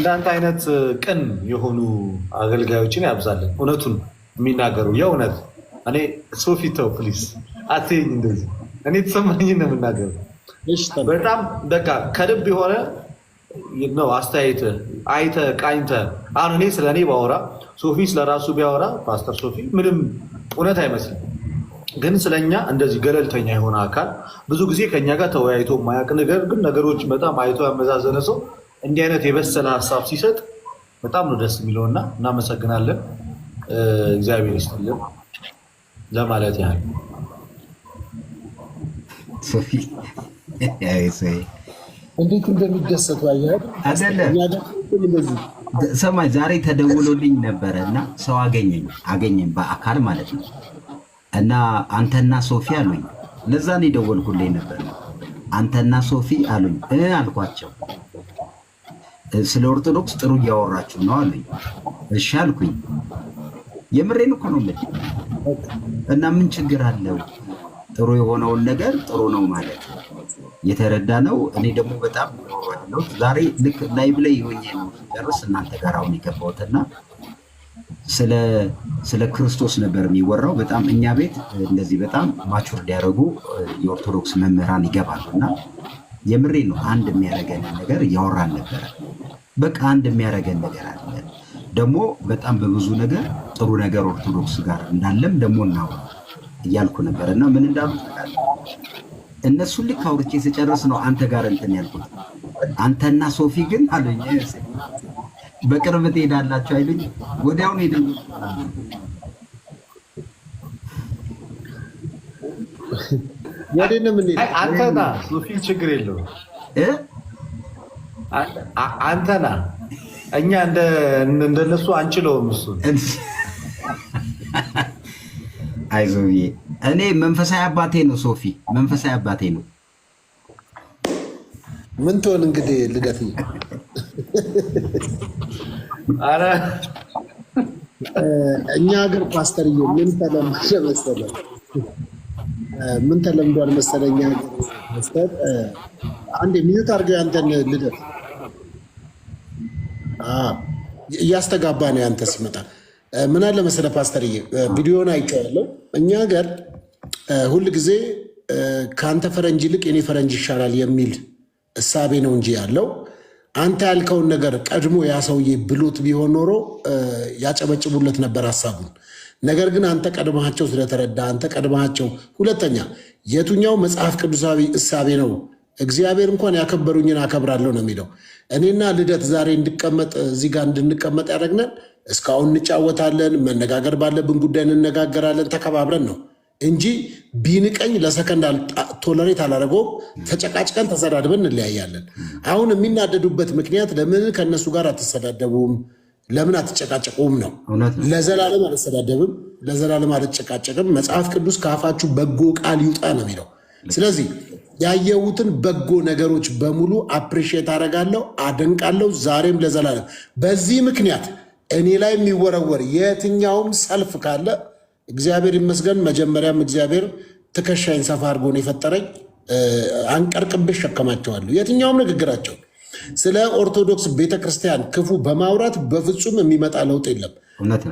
እንዳንተ አይነት ቅን የሆኑ አገልጋዮችን ያብዛለን። እውነቱን የሚናገሩ የእውነት እኔ ሶፊተው ፕሊስ አትይኝ እንደዚህ እኔ የተሰማኝን ነው በጣም በቃ ከልብ የሆነ ነው አስተያየት አይተ ቃኝተ። አሁን እኔ ስለ እኔ ባወራ ሶፊ ስለራሱ ቢያወራ ፓስተር ሶፊ ምንም እውነት አይመስልም። ግን ስለኛ እንደዚህ ገለልተኛ የሆነ አካል ብዙ ጊዜ ከኛ ጋር ተወያይቶ ማያቅ ነገር ግን ነገሮች በጣም አይቶ ያመዛዘነ ሰው እንዲህ አይነት የበሰለ ሀሳብ ሲሰጥ በጣም ነው ደስ የሚለው እና እናመሰግናለን። እግዚአብሔር ይስጥልን ለማለት ያህል እንዴት እንደሚደሰቱ ሰማይ ዛሬ ተደውሎልኝ ነበረ እና ሰው አገኘኝ አገኘኝ በአካል ማለት ነው እና አንተና ሶፊ አሉኝ። ለዛ ነው የደወልኩልኝ ነበር። አንተና ሶፊ አሉኝ አልኳቸው ስለ ኦርቶዶክስ ጥሩ እያወራችሁ ነው አሉኝ። እሺ አልኩኝ። የምሬን እኮ ነው የምልህ። እና ምን ችግር አለው? ጥሩ የሆነውን ነገር ጥሩ ነው ማለት የተረዳ ነው። እኔ ደግሞ በጣም ነው ዛሬ ልክ ላይ ብለ ነው እናንተ ጋር አሁን የገባሁትና ስለ ክርስቶስ ነበር የሚወራው። በጣም እኛ ቤት እንደዚህ በጣም ማቹር ሊያደርጉ የኦርቶዶክስ መምህራን ይገባሉ እና የምሬ ነው አንድ የሚያደርገን ነገር እያወራን ነበረ። በቃ አንድ የሚያደርገን ነገር አለ። ደግሞ በጣም በብዙ ነገር ጥሩ ነገር ኦርቶዶክስ ጋር እንዳለም ደግሞ እናው እያልኩ ነበር እና ምን እንዳሉ እነሱን ልክ አውርቼ ስጨርስ ነው አንተ ጋር እንትን ያልኩት። አንተና ሶፊ ግን አሉኝ በቅርብ ትሄዳላችሁ አይሉኝ። ወዲያውን ሄደ ወዴት ነው አንተና ሶፊ ችግር የለውም አንተና እኛ እንደነሱ አንችለውም። እሱን አይዞ እኔ መንፈሳዊ አባቴ ነው። ሶፊ መንፈሳዊ አባቴ ነው። ምን ትሆን እንግዲህ ልደት እኛ ሀገር ፓስተርዬ ምን ተለመደ መሰለ ምን ተለምዷል መሰለህ? እኛ ሀገር አንዴ ሚዩት አድርገው ያንተን ልደት እያስተጋባ ነው ያንተ ሲመጣ ምን አለ መሰለህ ፓስተርዬ፣ ቪዲዮን አይቼዋለሁ። እኛ ጋር ሁል ጊዜ ከአንተ ፈረንጅ ይልቅ የኔ ፈረንጅ ይሻላል የሚል እሳቤ ነው እንጂ ያለው አንተ ያልከውን ነገር ቀድሞ ያ ሰውዬ ብሎት ቢሆን ኖሮ ያጨበጭቡለት ነበር ሀሳቡን። ነገር ግን አንተ ቀድመሃቸው ስለተረዳ አንተ ቀድመሃቸው። ሁለተኛ የቱኛው መጽሐፍ ቅዱሳዊ እሳቤ ነው እግዚአብሔር እንኳን ያከበሩኝን አከብራለሁ ነው የሚለው። እኔና ልደት ዛሬ እንድቀመጥ እዚህ ጋር እንድንቀመጥ ያደረግነን እስካሁን እንጫወታለን፣ መነጋገር ባለብን ጉዳይ እንነጋገራለን፣ ተከባብረን ነው እንጂ ቢንቀኝ ለሰከንድ ቶለሬት አላደረገውም። ተጨቃጭቀን ተሰዳድበን እንለያያለን። አሁን የሚናደዱበት ምክንያት ለምን ከእነሱ ጋር አትሰዳደቡም? ለምን አትጨቃጨቁም ነው። ለዘላለም አልሰዳደብም፣ ለዘላለም አልጨቃጨቅም። መጽሐፍ ቅዱስ ከአፋችሁ በጎ ቃል ይውጣ ነው የሚለው ስለዚህ ያየሁትን በጎ ነገሮች በሙሉ አፕሪሼት አደርጋለሁ፣ አደንቃለሁ፣ ዛሬም ለዘላለም። በዚህ ምክንያት እኔ ላይ የሚወረወር የትኛውም ሰልፍ ካለ እግዚአብሔር ይመስገን። መጀመሪያም እግዚአብሔር ትከሻይን ሰፋ አድርጎ ነው የፈጠረኝ። አንቀርቅቤ ሸከማቸዋለሁ የትኛውም ንግግራቸው። ስለ ኦርቶዶክስ ቤተክርስቲያን ክፉ በማውራት በፍጹም የሚመጣ ለውጥ የለም።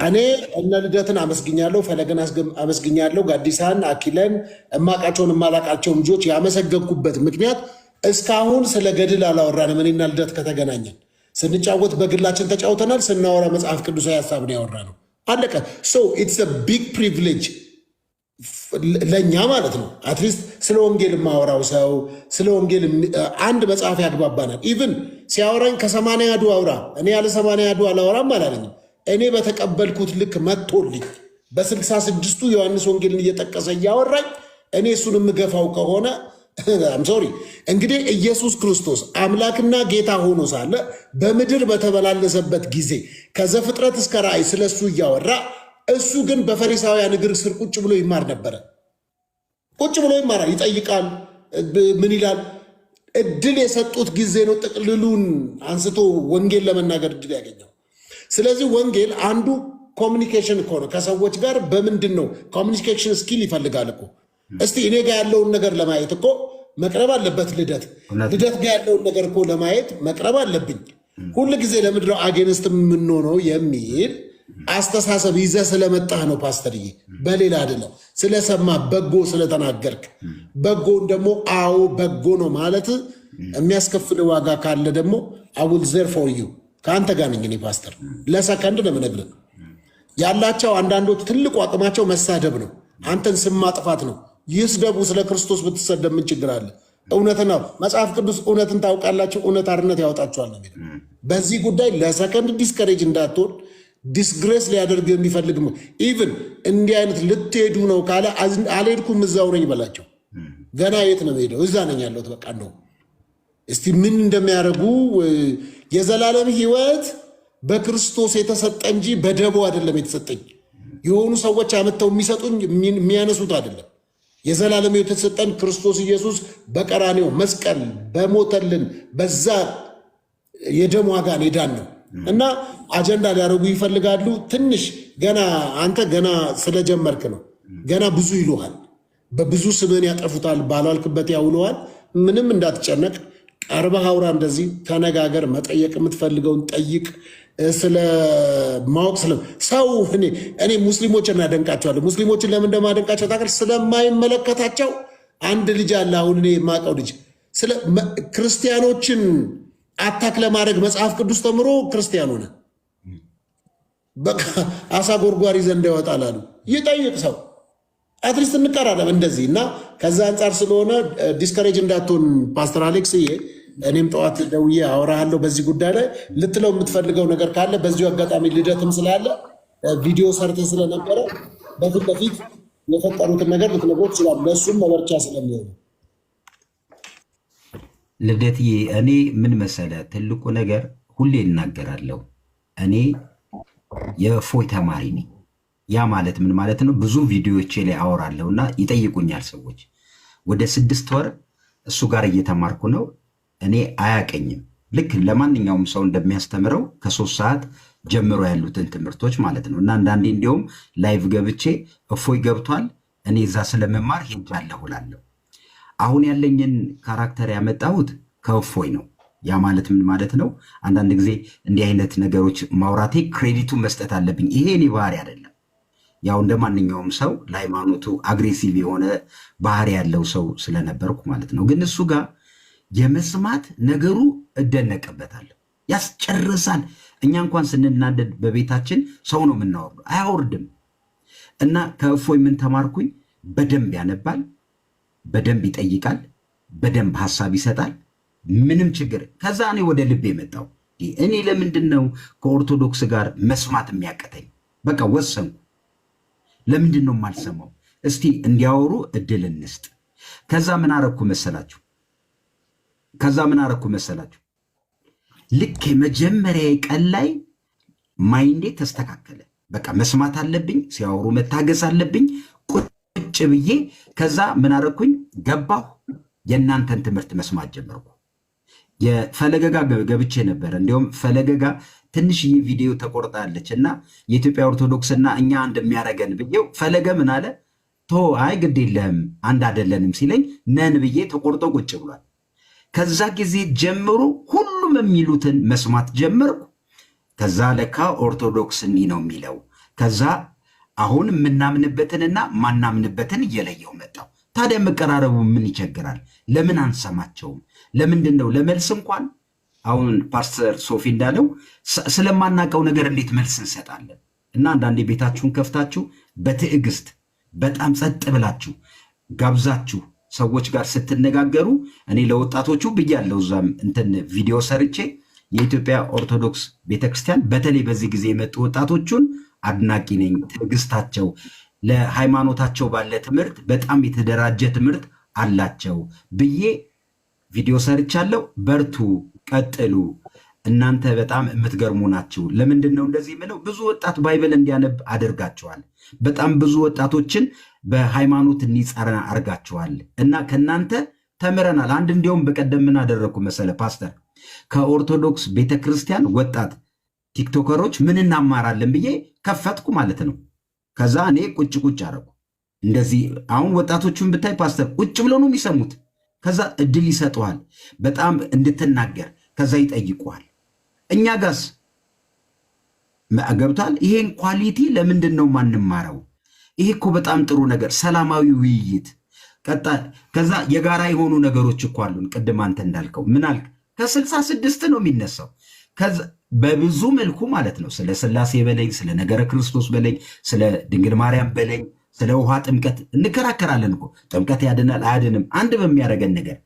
እኔ እነ ልደትን አመስግኛለሁ፣ ፈለገን አመስግኛለሁ፣ ጋዲሳን፣ አኪለን እማቃቸውን እማላቃቸውን ልጆች ያመሰገንኩበት ምክንያት እስካሁን ስለ ገድል አላወራንም። እኔና ልደት ከተገናኘን ስንጫወት በግላችን ተጫውተናል። ስናወራ መጽሐፍ ቅዱሳዊ ሀሳብ ነው ያወራነው። አለቀ። ሶ ኢትስ ቢግ ፕሪቪሌጅ ለእኛ ማለት ነው። አትሊስት ስለ ወንጌል የማወራው ሰው ስለ ወንጌል አንድ መጽሐፍ ያግባባናል። ኢቭን ሲያወራኝ ከሰማንያ አዱ አውራ እኔ ያለ ሰማንያ አዱ አላወራም አላለኝም። እኔ በተቀበልኩት ልክ መጥቶልኝ በስልሳ ስድስቱ ዮሐንስ ወንጌልን እየጠቀሰ እያወራኝ እኔ እሱን የምገፋው ከሆነ ሶሪ እንግዲህ ኢየሱስ ክርስቶስ አምላክና ጌታ ሆኖ ሳለ በምድር በተበላለሰበት ጊዜ ከዘፍጥረት እስከ ራእይ ስለ እሱ እያወራ እሱ ግን በፈሪሳውያን እግር ስር ቁጭ ብሎ ይማር ነበረ። ቁጭ ብሎ ይማራል፣ ይጠይቃል። ምን ይላል? እድል የሰጡት ጊዜ ነው። ጥቅልሉን አንስቶ ወንጌል ለመናገር እድል ያገኘው ስለዚህ ወንጌል አንዱ ኮሚኒኬሽን እኮ ነው። ከሰዎች ጋር በምንድን ነው ኮሚኒኬሽን ስኪል ይፈልጋል እኮ። እስቲ እኔ ጋር ያለውን ነገር ለማየት እኮ መቅረብ አለበት ልደት። ልደት ጋር ያለውን ነገር እኮ ለማየት መቅረብ አለብኝ። ሁል ጊዜ ለምድረው አጌንስት የምንሆነው የሚል አስተሳሰብ ይዘ ስለመጣህ ነው ፓስተርዬ፣ በሌላ አይደለም። ስለሰማ በጎ ስለተናገርክ በጎን ደግሞ አዎ በጎ ነው ማለት የሚያስከፍል ዋጋ ካለ ደግሞ አውል ዘር ፎር ዩ ከአንተ ጋር ነኝ እኔ ፓስተር። ለሰከንድ ነው የምነግርህ። ያላቸው አንዳንዶች ትልቁ አቅማቸው መሳደብ ነው፣ አንተን ስም ማጥፋት ነው። ይስደቡ። ስለ ክርስቶስ ብትሰደብ ምን ችግር አለ? እውነት ነው። መጽሐፍ ቅዱስ እውነትን ታውቃላችሁ፣ እውነት አርነት ያወጣችኋል ነው። በዚህ ጉዳይ ለሰከንድ ዲስከሬጅ እንዳትሆን፣ ዲስግሬስ ሊያደርግ የሚፈልግ ኢቭን እንዲህ አይነት ልትሄዱ ነው ካለ አልሄድኩም እዛው ነኝ በላቸው። ገና የት ነው ሄደው? እዛ ነኝ ያለሁት በቃ ነው። እስቲ ምን እንደሚያደርጉ የዘላለም ህይወት በክርስቶስ የተሰጠ እንጂ በደቦ አይደለም የተሰጠኝ። የሆኑ ሰዎች አመተው የሚሰጡኝ የሚያነሱት አይደለም። የዘላለም ህይወት የተሰጠን ክርስቶስ ኢየሱስ በቀራኔው መስቀል በሞተልን በዛ የደም ዋጋ ሄዳን ነው እና አጀንዳ ሊያደርጉ ይፈልጋሉ። ትንሽ ገና አንተ ገና ስለጀመርክ ነው። ገና ብዙ ይሉሃል፣ በብዙ ስምን ያጠፉታል፣ ባላልክበት ያውለዋል። ምንም እንዳትጨነቅ አርባ አውራ እንደዚህ ተነጋገር፣ መጠየቅ የምትፈልገውን ጠይቅ። ማወቅ ስለ ሰው እኔ ሙስሊሞች እናደንቃቸዋለን። ሙስሊሞችን ለምን እንደማደንቃቸው ታውቃለህ? ስለማይመለከታቸው አንድ ልጅ አለ። አሁን እኔ የማውቀው ልጅ ስለ ክርስቲያኖችን አታክ ለማድረግ መጽሐፍ ቅዱስ ተምሮ ክርስቲያን ሆነ። በቃ አሳ ጎርጓሪ ዘንድ ይወጣል አሉ። ይጠይቅ ሰው አትሊስት እንቀራረብ እንደዚህ እና ከዛ አንጻር ስለሆነ ዲስከሬጅ እንዳትሆን ፓስተር አሌክስዬ እኔም ጠዋት ደውዬ አወራሃለሁ በዚህ ጉዳይ ላይ ልትለው የምትፈልገው ነገር ካለ በዚሁ አጋጣሚ ልደትም ስላለ ቪዲዮ ሰርተ ስለነበረ በፊት ለፊት የፈጠሩትን ነገር ልትነግረው ይችላል። ለእሱም መበርቻ ስለሚሆነ ልደትዬ፣ እኔ ምን መሰለ ትልቁ ነገር ሁሌ እናገራለሁ። እኔ የእፎይ ተማሪ ነኝ። ያ ማለት ምን ማለት ነው? ብዙ ቪዲዮዎቼ ላይ አወራለሁ እና ይጠይቁኛል ሰዎች። ወደ ስድስት ወር እሱ ጋር እየተማርኩ ነው። እኔ አያቀኝም። ልክ ለማንኛውም ሰው እንደሚያስተምረው ከሶስት ሰዓት ጀምሮ ያሉትን ትምህርቶች ማለት ነው። እና አንዳንዴ እንዲሁም ላይቭ ገብቼ እፎይ ገብቷል እኔ እዛ ስለመማር ሄጃለሁ እላለሁ። አሁን ያለኝን ካራክተር ያመጣሁት ከእፎይ ነው። ያ ማለት ምን ማለት ነው? አንዳንድ ጊዜ እንዲህ አይነት ነገሮች ማውራቴ ክሬዲቱን መስጠት አለብኝ። ይሄ እኔ ባህሪ አይደለም። ያው እንደ ማንኛውም ሰው ለሃይማኖቱ አግሬሲቭ የሆነ ባህሪ ያለው ሰው ስለነበርኩ ማለት ነው። ግን እሱ ጋር የመስማት ነገሩ እደነቅበታል። ያስጨርሳል። እኛ እንኳን ስንናደድ በቤታችን ሰው ነው የምናወርዱ፣ አያወርድም። እና ከእፎይ ምን ተማርኩኝ? በደንብ ያነባል፣ በደንብ ይጠይቃል፣ በደንብ ሀሳብ ይሰጣል። ምንም ችግር ከዛ እኔ ወደ ልብ የመጣው እኔ ለምንድን ነው ከኦርቶዶክስ ጋር መስማት የሚያቀተኝ? በቃ ወሰንኩ። ለምንድን ነው የማልሰማው? እስቲ እንዲያወሩ እድል እንስጥ። ከዛ ምን አረግኩ መሰላችሁ? ከዛ ምን አረኩ መሰላችሁ? ልክ የመጀመሪያ ቀን ላይ ማይንዴ ተስተካከለ። በቃ መስማት አለብኝ፣ ሲያወሩ መታገስ አለብኝ ቁጭ ብዬ። ከዛ ምን አረኩኝ ገባሁ፣ የእናንተን ትምህርት መስማት ጀመርኩ። የፈለገጋ ገብቼ ነበር። እንዲሁም ፈለገጋ ትንሽዬ ቪዲዮ ተቆርጣለች እና የኢትዮጵያ ኦርቶዶክስና እኛ እንደሚያደርገን ብዬው ፈለገ ምን አለ ቶ አይ ግድ የለህም አንድ አደለንም ሲለኝ ነን ብዬ ተቆርጦ ቁጭ ብሏል። ከዛ ጊዜ ጀምሮ ሁሉም የሚሉትን መስማት ጀመርኩ። ከዛ ለካ ኦርቶዶክስ ነው የሚለው። ከዛ አሁን የምናምንበትንና ማናምንበትን እየለየው መጣው። ታዲያ መቀራረቡ ምን ይቸግራል? ለምን አንሰማቸውም? ለምንድን ነው ለመልስ እንኳን አሁን ፓስተር ሶፊ እንዳለው ስለማናውቀው ነገር እንዴት መልስ እንሰጣለን? እና አንዳንዴ ቤታችሁን ከፍታችሁ በትዕግስት በጣም ጸጥ ብላችሁ ጋብዛችሁ ሰዎች ጋር ስትነጋገሩ እኔ ለወጣቶቹ ብያለሁ። እዛም እንትን ቪዲዮ ሰርቼ የኢትዮጵያ ኦርቶዶክስ ቤተክርስቲያን በተለይ በዚህ ጊዜ የመጡ ወጣቶቹን አድናቂ ነኝ። ትዕግስታቸው፣ ለሃይማኖታቸው ባለ ትምህርት በጣም የተደራጀ ትምህርት አላቸው ብዬ ቪዲዮ ሰርቻለሁ። በርቱ፣ ቀጥሉ፣ እናንተ በጣም የምትገርሙ ናችሁ። ለምንድን ነው እንደዚህ የምለው? ብዙ ወጣት ባይብል እንዲያነብ አደርጋቸዋል። በጣም ብዙ ወጣቶችን በሃይማኖት እንዲጸራ አድርጋችኋል እና ከእናንተ ተምረናል። አንድ እንዲሁም በቀደም ምን አደረግኩ መሰለ ፓስተር፣ ከኦርቶዶክስ ቤተክርስቲያን ወጣት ቲክቶከሮች ምን እናማራለን ብዬ ከፈትኩ ማለት ነው። ከዛ እኔ ቁጭ ቁጭ አደረጉ እንደዚህ። አሁን ወጣቶቹን ብታይ ፓስተር ቁጭ ብሎ ነው የሚሰሙት። ከዛ እድል ይሰጠዋል በጣም እንድትናገር፣ ከዛ ይጠይቀዋል። እኛ ጋስ ገብቷል። ይሄን ኳሊቲ ለምንድን ነው ማንማረው? ይሄ እኮ በጣም ጥሩ ነገር፣ ሰላማዊ ውይይት። ቀጣ ከዛ የጋራ የሆኑ ነገሮች እኮ አሉን። ቅድም አንተ እንዳልከው ምን አልክ? ከስልሳ ስድስት ነው የሚነሳው በብዙ መልኩ ማለት ነው። ስለ ስላሴ በለኝ፣ ስለ ነገረ ክርስቶስ በለኝ፣ ስለ ድንግል ማርያም በለኝ፣ ስለ ውሃ ጥምቀት እንከራከራለን እኮ ጥምቀት ያድናል አያድንም፣ አንድ በሚያደርገን ነገር።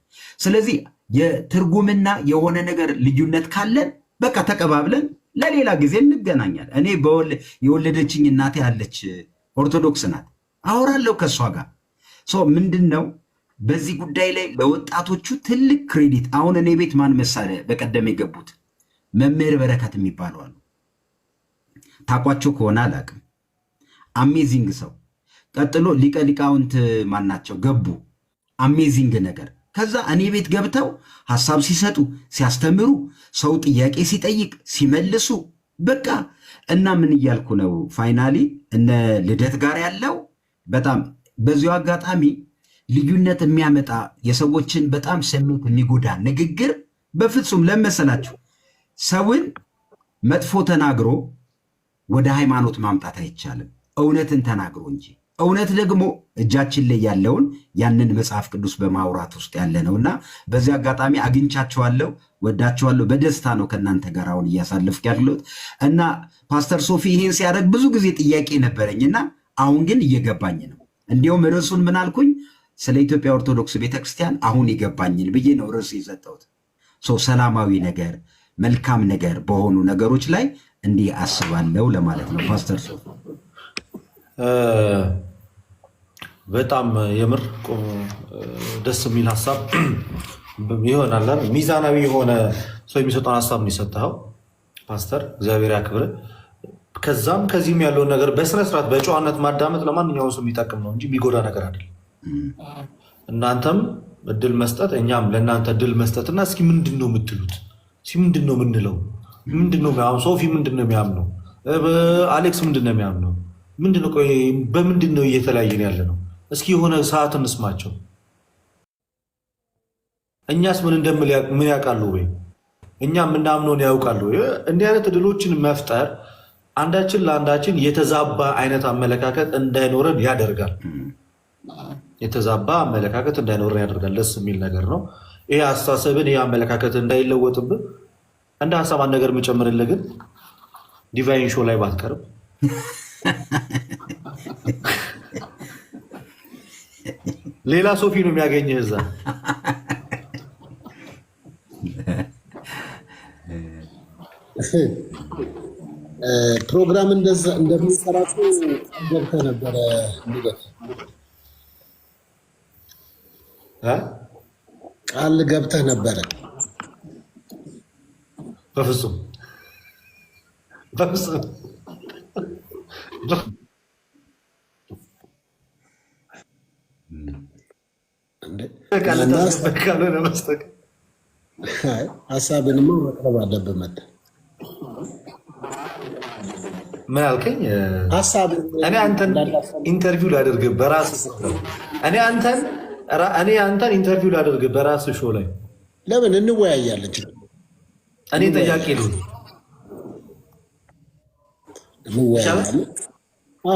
ስለዚህ የትርጉምና የሆነ ነገር ልዩነት ካለን በቃ ተቀባብለን ለሌላ ጊዜ እንገናኛል። እኔ የወለደችኝ እናቴ አለች ኦርቶዶክስ ናት። አወራለሁ ከእሷ ጋር ምንድን ነው በዚህ ጉዳይ ላይ ለወጣቶቹ ትልቅ ክሬዲት። አሁን እኔ ቤት ማን መሳለ በቀደም የገቡት መምህር በረከት የሚባሉ አሉ። ታቋቸው ከሆነ አላቅም። አሜዚንግ ሰው። ቀጥሎ ሊቀ ሊቃውንት ማናቸው ገቡ። አሜዚንግ ነገር። ከዛ እኔ ቤት ገብተው ሀሳብ ሲሰጡ ሲያስተምሩ፣ ሰው ጥያቄ ሲጠይቅ ሲመልሱ በቃ እና ምን እያልኩ ነው? ፋይናሊ እነ ልደት ጋር ያለው በጣም በዚሁ አጋጣሚ ልዩነት የሚያመጣ የሰዎችን በጣም ስሜት የሚጎዳ ንግግር በፍጹም ለመሰላችሁ ሰውን መጥፎ ተናግሮ ወደ ሃይማኖት ማምጣት አይቻልም። እውነትን ተናግሮ እንጂ እውነት ደግሞ እጃችን ላይ ያለውን ያንን መጽሐፍ ቅዱስ በማውራት ውስጥ ያለ እና በዚህ አጋጣሚ አግኝቻቸዋለሁ፣ ወዳቸዋለሁ። በደስታ ነው ከእናንተ ጋር አሁን እያሳለፍኩ ያለሁት እና ፓስተር ሶፊ ይህን ሲያደርግ ብዙ ጊዜ ጥያቄ ነበረኝና አሁን ግን እየገባኝ ነው። እንዲሁም ርዕሱን ምን አልኩኝ? ስለ ኢትዮጵያ ኦርቶዶክስ ቤተክርስቲያን አሁን ይገባኝን ብዬ ነው ርዕስ የሰጠሁት። ሰላማዊ ነገር፣ መልካም ነገር በሆኑ ነገሮች ላይ እንዲህ አስባለሁ ለማለት ነው ፓስተር ሶፊ በጣም የምር ደስ የሚል ሀሳብ ይሆናል። ሚዛናዊ የሆነ ሰው የሚሰጠውን ሀሳብ ነው የሰጠኸው ፓስተር፣ እግዚአብሔር ያክብር። ከዛም ከዚህም ያለውን ነገር በስነስርዓት በጨዋነት ማዳመጥ ለማንኛውም ሰው የሚጠቅም ነው እንጂ የሚጎዳ ነገር አይደለም። እናንተም እድል መስጠት እኛም ለእናንተ እድል መስጠት እና እስኪ ምንድን ነው የምትሉት? እስኪ ምንድን ነው የምንለው? ምንድን ነው ሶፊ ምንድን ነው የሚያምነው? አሌክስ ምንድን ነው የሚያምነው? ምንድን ነው በምንድን ነው እየተለያየን ያለ ነው? እስኪ የሆነ ሰዓት እንስማቸው። እኛስ ምን እንደምን ያውቃሉ ወይ? እኛ የምናምነውን ያውቃሉ ወይ? እንዲህ አይነት እድሎችን መፍጠር አንዳችን ለአንዳችን የተዛባ አይነት አመለካከት እንዳይኖረን ያደርጋል። የተዛባ አመለካከት እንዳይኖረን ያደርጋል። ደስ የሚል ነገር ነው። ይሄ አስተሳሰብን ይሄ አመለካከት እንዳይለወጥብን እንደ ሀሳብ አንድ ነገር የምጨምርልህ ግን ዲቫይን ሾ ላይ ባትቀርብ ሌላ ሶፊ ነው የሚያገኘ እዛ። ፕሮግራም እንደሚሰራጩ ገብተህ ነበረ ንገት ቃል ገብተህ ነበረ። በፍጹም በፍጹም ሀሳብንማ ማቅረብ አለብህ። መተህ ምን አልከኝ? እኔ አንተን ኢንተርቪው ላደርግ በራስ እኔ አንተን እኔ አንተን ኢንተርቪው ላደርግ በራስ ሾ ላይ ለምን እንወያያለን? እኔ ጥያቄ ነው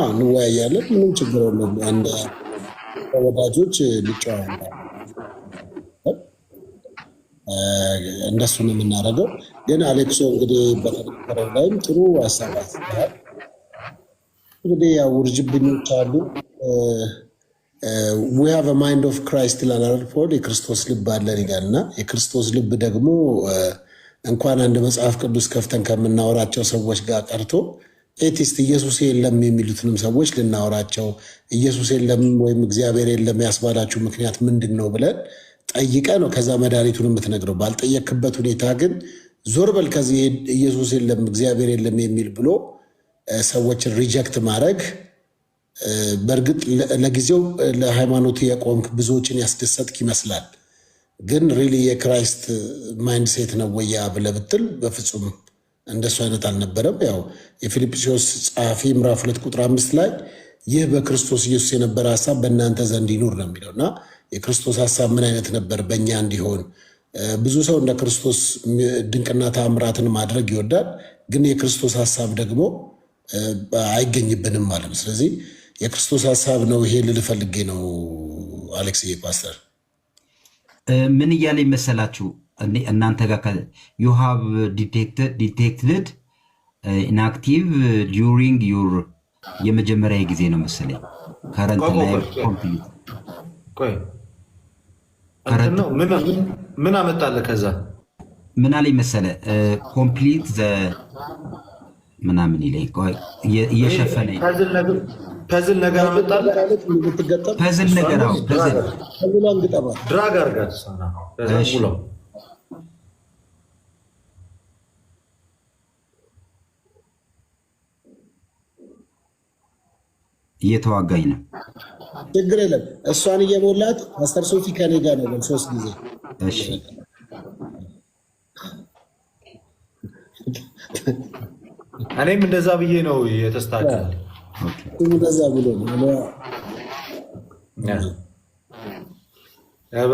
እንወያያለን። ምንም ችግር የለውም። ወዳጆች ሊጫወታ እንደሱ የምናደርገው። ግን አሌክሶ እንግዲህ በተናገረው ላይም ጥሩ አሳባት እንግዲህ ያው ውርጅብኞች አሉ። ዊ ሃቭ ማይንድ ኦፍ ክራይስት ይላል ፖል። የክርስቶስ ልብ አለን ይላል እና የክርስቶስ ልብ ደግሞ እንኳን አንድ መጽሐፍ ቅዱስ ከፍተን ከምናወራቸው ሰዎች ጋር ቀርቶ ኤቲስት ኢየሱስ የለም የሚሉትንም ሰዎች ልናወራቸው ኢየሱስ የለም ወይም እግዚአብሔር የለም ያስባላችሁ ምክንያት ምንድን ነው ብለን ጠይቀ ነው ከዛ መድኃኒቱን የምትነግረው። ባልጠየክበት ሁኔታ ግን ዞር በል ከዚህ ኢየሱስ የለም እግዚአብሔር የለም የሚል ብሎ ሰዎችን ሪጀክት ማድረግ በእርግጥ ለጊዜው ለሃይማኖት የቆምክ ብዙዎችን ያስደሰትክ ይመስላል። ግን ሪሊ የክራይስት ማይንድሴት ነው ወያ ብለህ ብትል በፍጹም እንደሱ አይነት አልነበረም። ያው የፊልጵስዩስ ጸሐፊ ምዕራፍ ሁለት ቁጥር አምስት ላይ ይህ በክርስቶስ ኢየሱስ የነበረ ሀሳብ በእናንተ ዘንድ ይኑር ነው የሚለው እና የክርስቶስ ሀሳብ ምን አይነት ነበር? በእኛ እንዲሆን ብዙ ሰው እንደ ክርስቶስ ድንቅና ታምራትን ማድረግ ይወዳል፣ ግን የክርስቶስ ሀሳብ ደግሞ አይገኝብንም ማለት ነው። ስለዚህ የክርስቶስ ሀሳብ ነው ይሄ ልል ፈልጌ ነው። አሌክስ ፓስተር ምን እያለ ይመሰላችሁ? እናንተ ጋር ዩ ሃቭ ዲቴክትድ ኢንአክቲቭ ዲሪንግ ዩር የመጀመሪያ ጊዜ ነው መሰለኝ። ከረንት ላይ ምን አመጣለ? ከዛ ምን አለኝ መሰለ ኮምፕሊት ዘ ምናምን ይለኝ እየሸፈነ ፐዝል ነገር አመጣለ። ፐዝል ነገር ድራግ አርጋ እየተዋጋኝ ነው። ችግር የለም። እሷን እየሞላት ማስተር ሶፊ ከኔ ጋር ነው ሶስት ጊዜ እሺ እኔም እንደዛ ብዬ ነው የተስታከል እንደዛ ብሎ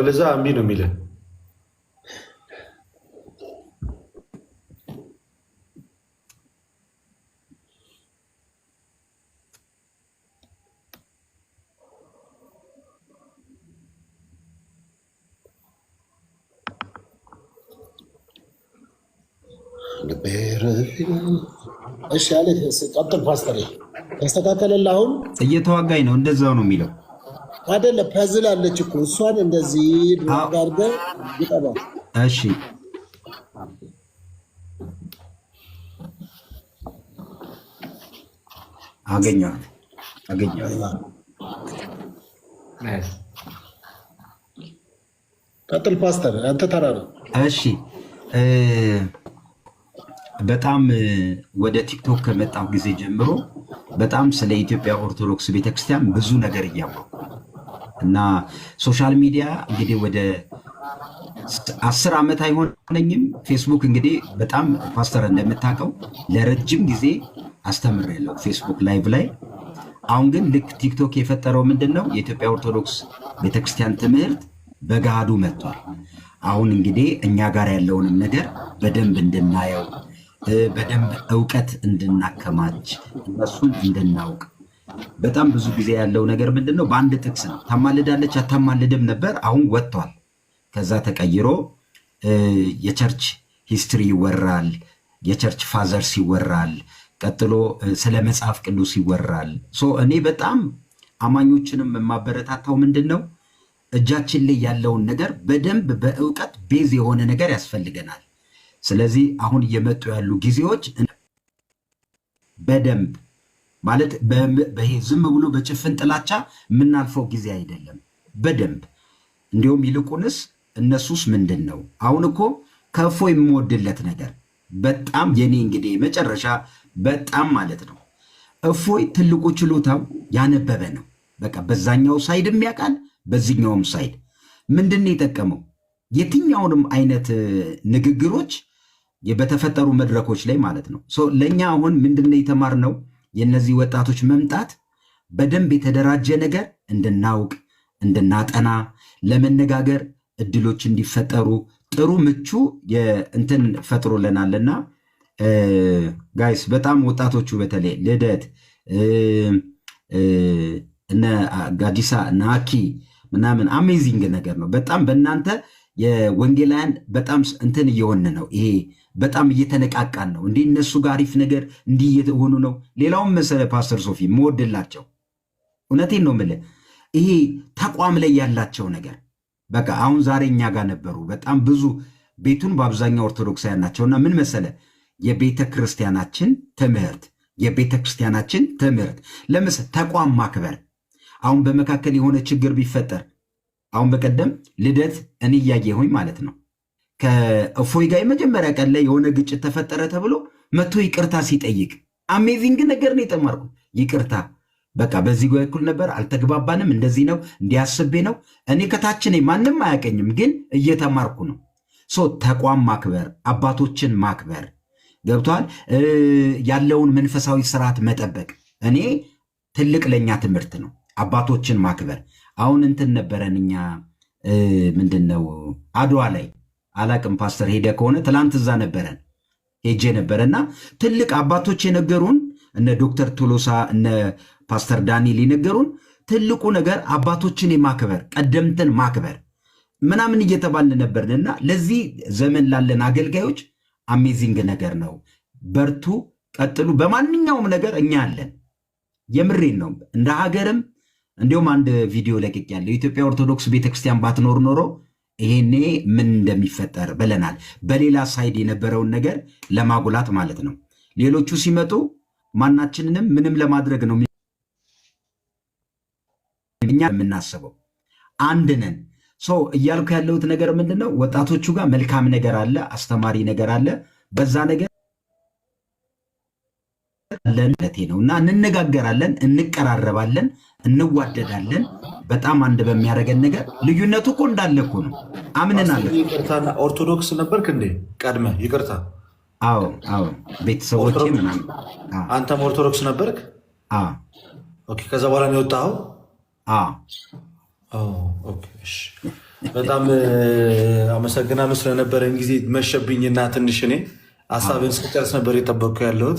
በለዛ እምቢ ነው የሚለን እሺ አለ። ቀጥል ፓስተር። ተስተካከለል። አሁን እየተዋጋኝ ነው። እንደዛው ነው የሚለው አደለ። ፐዝል አለች እኮ እሷን እንደዚህ ጋርገ ይጠባ። እሺ ቀጥል ፓስተር፣ አንተ ተራ ነው። እሺ በጣም ወደ ቲክቶክ ከመጣው ጊዜ ጀምሮ በጣም ስለ ኢትዮጵያ ኦርቶዶክስ ቤተክርስቲያን ብዙ ነገር እያወቅሁ እና ሶሻል ሚዲያ እንግዲህ ወደ አስር ዓመት አይሆነኝም። ፌስቡክ እንግዲህ በጣም ፓስተር እንደምታውቀው ለረጅም ጊዜ አስተምር ያለው ፌስቡክ ላይቭ ላይ። አሁን ግን ልክ ቲክቶክ የፈጠረው ምንድን ነው የኢትዮጵያ ኦርቶዶክስ ቤተክርስቲያን ትምህርት በገሃዱ መጥቷል። አሁን እንግዲህ እኛ ጋር ያለውንም ነገር በደንብ እንድናየው በደንብ እውቀት እንድናከማች እነሱን እንድናውቅ በጣም ብዙ ጊዜ ያለው ነገር ምንድን ነው? በአንድ ጥቅስ ነው። ታማልዳለች አታማልድም ነበር። አሁን ወጥቷል። ከዛ ተቀይሮ የቸርች ሂስትሪ ይወራል፣ የቸርች ፋዘርስ ይወራል፣ ቀጥሎ ስለ መጽሐፍ ቅዱስ ይወራል። ሶ እኔ በጣም አማኞችንም የማበረታታው ምንድን ነው? እጃችን ላይ ያለውን ነገር በደንብ በእውቀት ቤዝ የሆነ ነገር ያስፈልገናል። ስለዚህ አሁን እየመጡ ያሉ ጊዜዎች በደንብ ማለት ዝም ብሎ በጭፍን ጥላቻ የምናልፈው ጊዜ አይደለም። በደንብ እንዲሁም ይልቁንስ እነሱስ ምንድን ነው አሁን እኮ ከፎ የምወድለት ነገር በጣም የኔ እንግዲህ መጨረሻ በጣም ማለት ነው እፎይ ትልቁ ችሎታው ያነበበ ነው። በቃ በዛኛው ሳይድም ያውቃል፣ በዚህኛውም ሳይድ ምንድን ነው የጠቀመው የትኛውንም አይነት ንግግሮች በተፈጠሩ መድረኮች ላይ ማለት ነው። ለእኛ አሁን ምንድነው የተማርነው? የእነዚህ ወጣቶች መምጣት በደንብ የተደራጀ ነገር እንድናውቅ፣ እንድናጠና፣ ለመነጋገር እድሎች እንዲፈጠሩ ጥሩ ምቹ እንትን ፈጥሮልናልና ጋይስ በጣም ወጣቶቹ በተለይ ልደት እነ ጋዲሳ እነ አኪ ምናምን አሜዚንግ ነገር ነው። በጣም በእናንተ የወንጌላውያን በጣም እንትን እየሆን ነው ይሄ በጣም እየተነቃቃን ነው እንዴ? እነሱ ጋር አሪፍ ነገር እንዲህ እየሆኑ ነው። ሌላውም መሰለ ፓስተር ሶፊ የምወድላቸው እውነቴን ነው የምልህ ይሄ ተቋም ላይ ያላቸው ነገር በቃ አሁን ዛሬ እኛ ጋር ነበሩ። በጣም ብዙ ቤቱን በአብዛኛው ኦርቶዶክሳውያን እና ምን መሰለ የቤተ ክርስቲያናችን ትምህርት የቤተ ክርስቲያናችን ትምህርት ለምስ ተቋም ማክበር አሁን በመካከል የሆነ ችግር ቢፈጠር አሁን በቀደም ልደት እንያየ ሆኝ ማለት ነው ከእፎይ ጋር የመጀመሪያ ቀን ላይ የሆነ ግጭት ተፈጠረ ተብሎ መቶ ይቅርታ ሲጠይቅ አሜዚንግ ነገር ነው የተማርኩት። ይቅርታ በቃ በዚህ በኩል ነበር አልተግባባንም፣ እንደዚህ ነው እንዲያስቤ ነው። እኔ ከታች ማንም አያቀኝም፣ ግን እየተማርኩ ነው። ሶ ተቋም ማክበር፣ አባቶችን ማክበር ገብቷል። ያለውን መንፈሳዊ ስርዓት መጠበቅ እኔ ትልቅ ለእኛ ትምህርት ነው። አባቶችን ማክበር አሁን እንትን ነበረን እኛ ምንድን ነው አድዋ ላይ አላቅም ፓስተር ሄደ ከሆነ ትላንት እዛ ነበረን ሄጄ ነበረና ትልቅ አባቶች የነገሩን እነ ዶክተር ቶሎሳ እነ ፓስተር ዳንኤል የነገሩን ትልቁ ነገር አባቶችን የማክበር ቀደምትን ማክበር ምናምን እየተባልን እና ለዚህ ዘመን ላለን አገልጋዮች አሜዚንግ ነገር ነው። በርቱ፣ ቀጥሉ። በማንኛውም ነገር እኛ አለን። የምሬን ነው። እንደ ሀገርም እንዲሁም አንድ ቪዲዮ ለቅቄያለሁ። የኢትዮጵያ ኦርቶዶክስ ቤተክርስቲያን ባትኖር ኖሮ ይሄኔ ምን እንደሚፈጠር ብለናል። በሌላ ሳይድ የነበረውን ነገር ለማጉላት ማለት ነው። ሌሎቹ ሲመጡ ማናችንንም ምንም ለማድረግ ነው እኛ የምናስበው አንድ ነን። እያልኩ ያለሁት ነገር ምንድን ነው? ወጣቶቹ ጋር መልካም ነገር አለ፣ አስተማሪ ነገር አለ። በዛ ነገር ለን ነው እና እንነጋገራለን፣ እንቀራረባለን፣ እንዋደዳለን። በጣም አንድ በሚያደርገን ነገር ልዩነቱ እኮ እንዳለ እኮ ነው። አምንናለን። ኦርቶዶክስ ነበርክ እንዴ ቀድመ? ይቅርታ። አዎ፣ አዎ፣ ቤተሰቦች ምናምን። አንተም ኦርቶዶክስ ነበርክ? ኦኬ። ከዛ በኋላ ነው የወጣኸው? በጣም አመሰግናለሁ ስለነበረን ጊዜ። መሸብኝና ትንሽ እኔ ሀሳብን ስጨርስ ነበር የጠበቅኩ ያለሁት።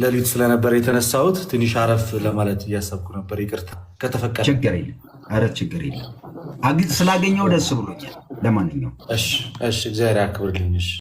ሌሊት ስለነበር የተነሳሁት ትንሽ አረፍ ለማለት እያሰብኩ ነበር። ይቅርታ ከተፈቀደ ችግር የለም። ችግር የለም። ስላገኘው ደስ ብሎኛል። ለማንኛውም እሺ፣ እሺ፣ እግዚአብሔር ያክብርልኝ።